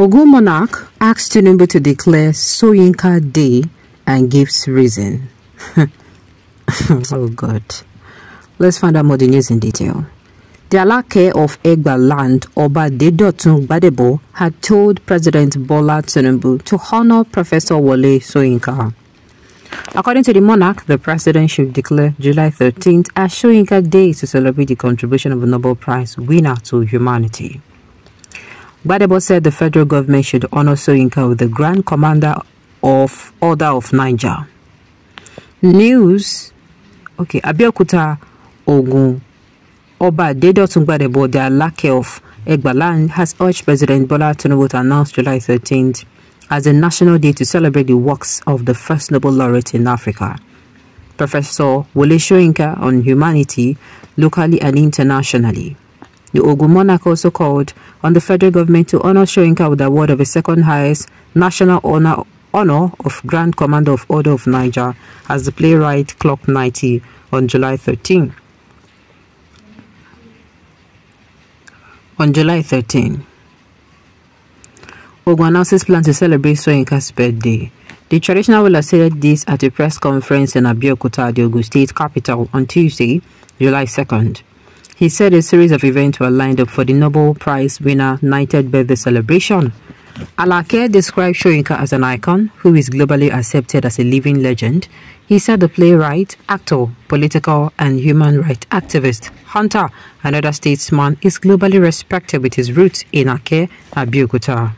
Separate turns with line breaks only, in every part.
Ogun monarch asks Tinubu to declare Soyinka Day and gives reason. oh God. Let's find out more the news in detail. The Alake of Egba land, Oba Dedotun Badebo, had told President Bola Tinubu to honor Professor Wale Soyinka. According to the monarch, the president should declare July 13th as Soyinka Day to celebrate the contribution of the Nobel Prize winner to humanity. Badebo said the federal government should honor Soyinka with the Grand Commander of Order of Niger. News Okay, Abiyokuta Ogun Oba Dedotun Badebo, their lack of Egbalan, has urged President Bola Tinubu to announce July 13th as a national day to celebrate the works of the first Nobel laureate in Africa. Professor Wole Soyinka on humanity, locally and internationally. The Ogu monarch also called on the federal government to honor Shoinka with the award of the second highest national honor, honor of Grand Commander of Order of Niger as the playwright clocked 90 on July 13. On July 13, Ogu announces plans to celebrate Soyinka's birthday. The traditional ruler said this at a press conference in Abeokuta, the Ogun State capital, on Tuesday, July 2nd. He said a series of events were lined up for the Nobel Prize winner by birthday celebration. Alake described Shoinka as an icon who is globally accepted as a living legend. He said the playwright, actor, political, and human rights activist, hunter, another statesman is globally respected with his roots in Ake, Abiyokuta.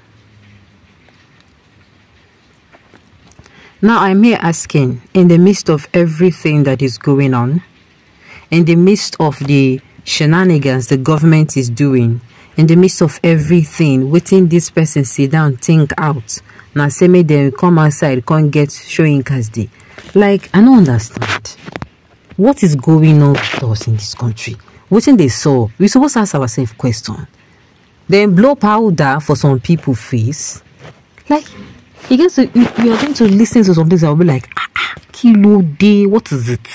Now i may ask asking, in the midst of everything that is going on, in the midst of the shenanigans the government is doing in the midst of everything Waiting this person sit down think out Now, say make dem come outside come get showing dey like i don't understand what is going on with us in this country wetin they saw, we suppose ask ourselves question Then blow powder for some people face like you get to are going to listen to some things I'll be like ah ah kí what is it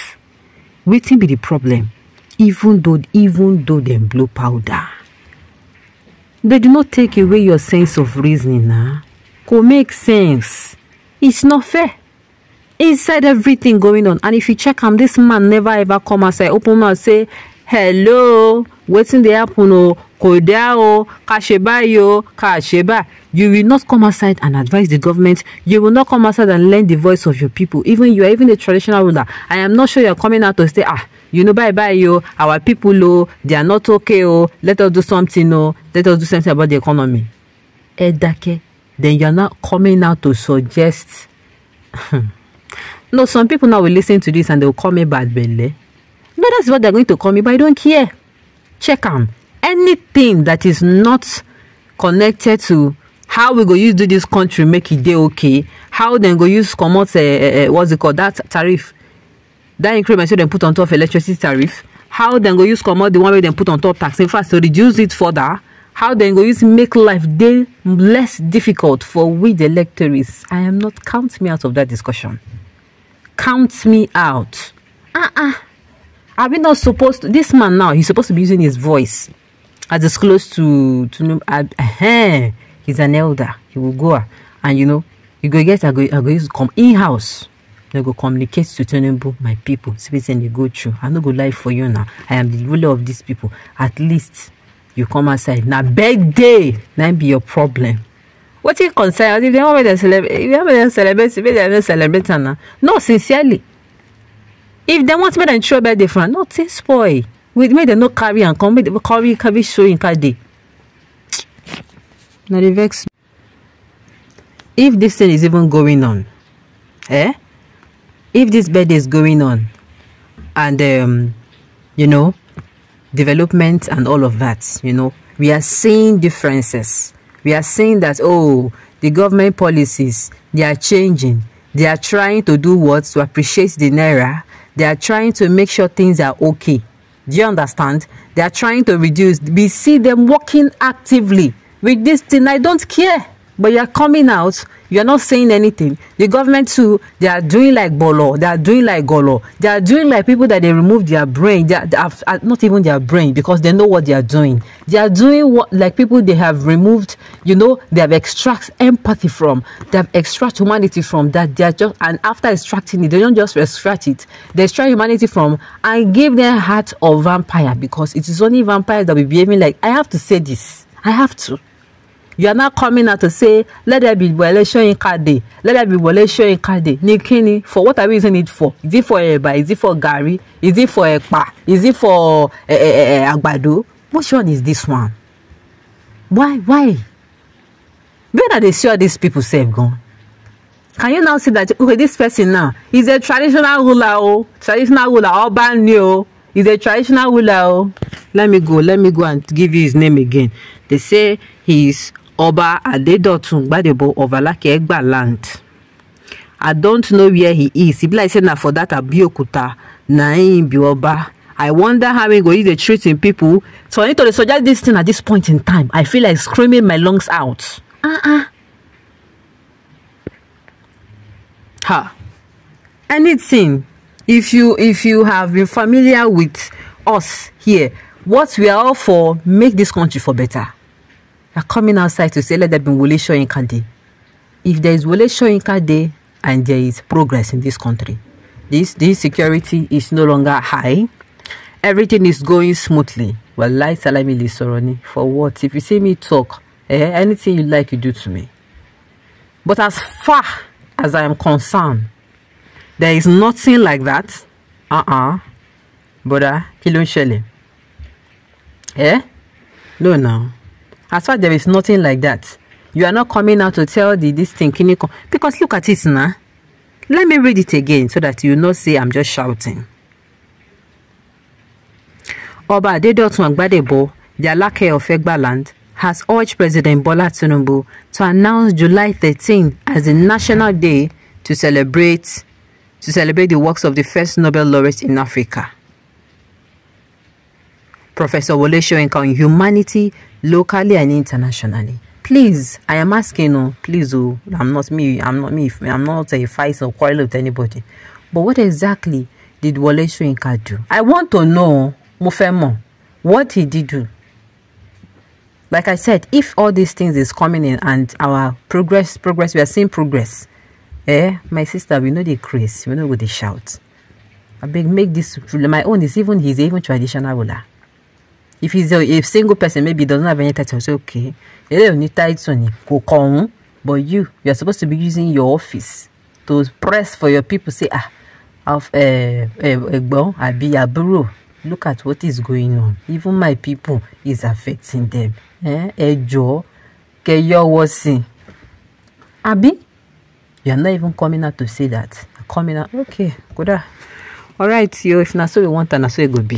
waiting be the problem even though even though dem blow powder they do not take away your sense of reasoning Nah, go make sense it's not fair inside everything going on and if you check him, um, this man never ever come outside open mouth say hello wetin dey happen o kò dá o ká ṣe báyìí o you will not come outside and advise the government you will not come outside and lend the voice of your people even you are even a traditional ruler i am not sure you are coming out to say ah you know bye bye yo. our people oh, they are not okay oh. let us do something oh. let us do something about the economy ẹ dákẹ́ then you're not coming out to suggest no some people now will listen to this and they will call me bad belle no that's what they're going to call me but i don't care check am anything that is not connected to how we go use do this country make it e dey okay how dem go use comot uh, uh, what's it called that tariff that increment so then put on top of electricity tariff how then go use out the one way they put on top tax in fact to reduce it further how then go use make life day less difficult for we the electorates i am not count me out of that discussion count me out uh-uh are we not supposed to this man now he's supposed to be using his voice as disclosed close to to uh, uh-huh. he's an elder he will go and you know you go get i go, I go use come in house no go communicate to tinubu my people. see wetin dey go through i no go lie for you now i am the ruler of these people. at least you come outside now. na day. na be your problem What you concern if they want me to celebrate if they want me to celebrate make dem no celebrate am na no sincerely if they want me to throw birthday for am no take spoil wait make dem no carry and come make carry carry show in car dey na dey vex if this thing is even going on eh if this birthday is going on and um, you know development and all of that you know we are seeing differences we are seeing that oh the government policies they are changing they are trying to do what to appreciate the naira they are trying to make sure things are okay do you understand they are trying to reduce we see them working actively with this thing i don't care but you are coming out you are not saying anything the government too they are doing like bolo they are doing like golo they are doing like people that they remove their brain they are, they are uh, not even their brain because they know what they are doing they are doing what like people they have removed you know they have extract empathy from they have extract humanity from that they are just and after extracting it they don't just extract it they extract humanity from and give them heart of vampire because it is only vampires that will be behaving like i have to say this i have to you are now coming out to say let there be showing Soyinka day let there be showing Soyinka day ní for what are we using it for is it for ẹ̀bà is it for garri is it for ẹ̀pà is it for eh, eh, eh, Agbado? which one is this one why why where are they see all these people sef gone? can you now see that okay this person now is a traditional ruler oh, traditional ruler all brand new. Oh. is a traditional ruler Oh. let me go let me go and give you his name again they say he is Oba Adedotun Gbadebo of Alake Egba land. I don't know where he is. If like say na for that Abeokuta na him be Oba. I wonder how he go use the treating people. So I need to suggest this thing at this point in time. I feel like screaming my lungs out. Uh-uh. Ha. Anything. If you if you have been familiar with us here, what we are all for, make this country for better. are coming outside to say let there be Wole in Day. If there is Wole in Day and there is progress in this country, this this security is no longer high. Everything is going smoothly. Well, like Salami Lisoroni, for what? If you see me talk, eh, anything you like, you do to me. But as far as I am concerned, there is nothing like that. Uh-uh. Brother, kí Eh? No, no. as far as there is nothing like that you are not coming out to tell the this thing clinical because look at it now let me read it again so that you know say i'm just shouting ọba adedotun agbadebo the alake of egbaland has urged president bola tinubu to announce july 13 as the national day to celebrate to celebrate the works of the first nobel laureate in africa Professor Wole Soyinka on humanity locally and internationally. Please, I am asking, oh, please, oh, I'm not me, I'm not me, I'm not a fight or quarrel with anybody. But what exactly did Wole do? I want to know, mo what he did do. Like I said, if all these things is coming in and our progress, progress, we are seeing progress. Eh, my sister, we know the craze, we know what they shout. I beg, make this, my own is even, he's even traditional ruler. if he's a, a single person maybe he doesn't have any title say okay ele oni title ni kò kọ òun but you you are supposed to be using your office to press for your people say ah of eh, eh, ẹ̀gbọ́n àbí àbúrò look at what is going on even my people is affecting them eh, ẹ jọ̀ọ́ kẹ́ yọwọ́ sí i àbí you are not even coming out to say that coming out okay kódà right, yo if na so we want am na so e go be.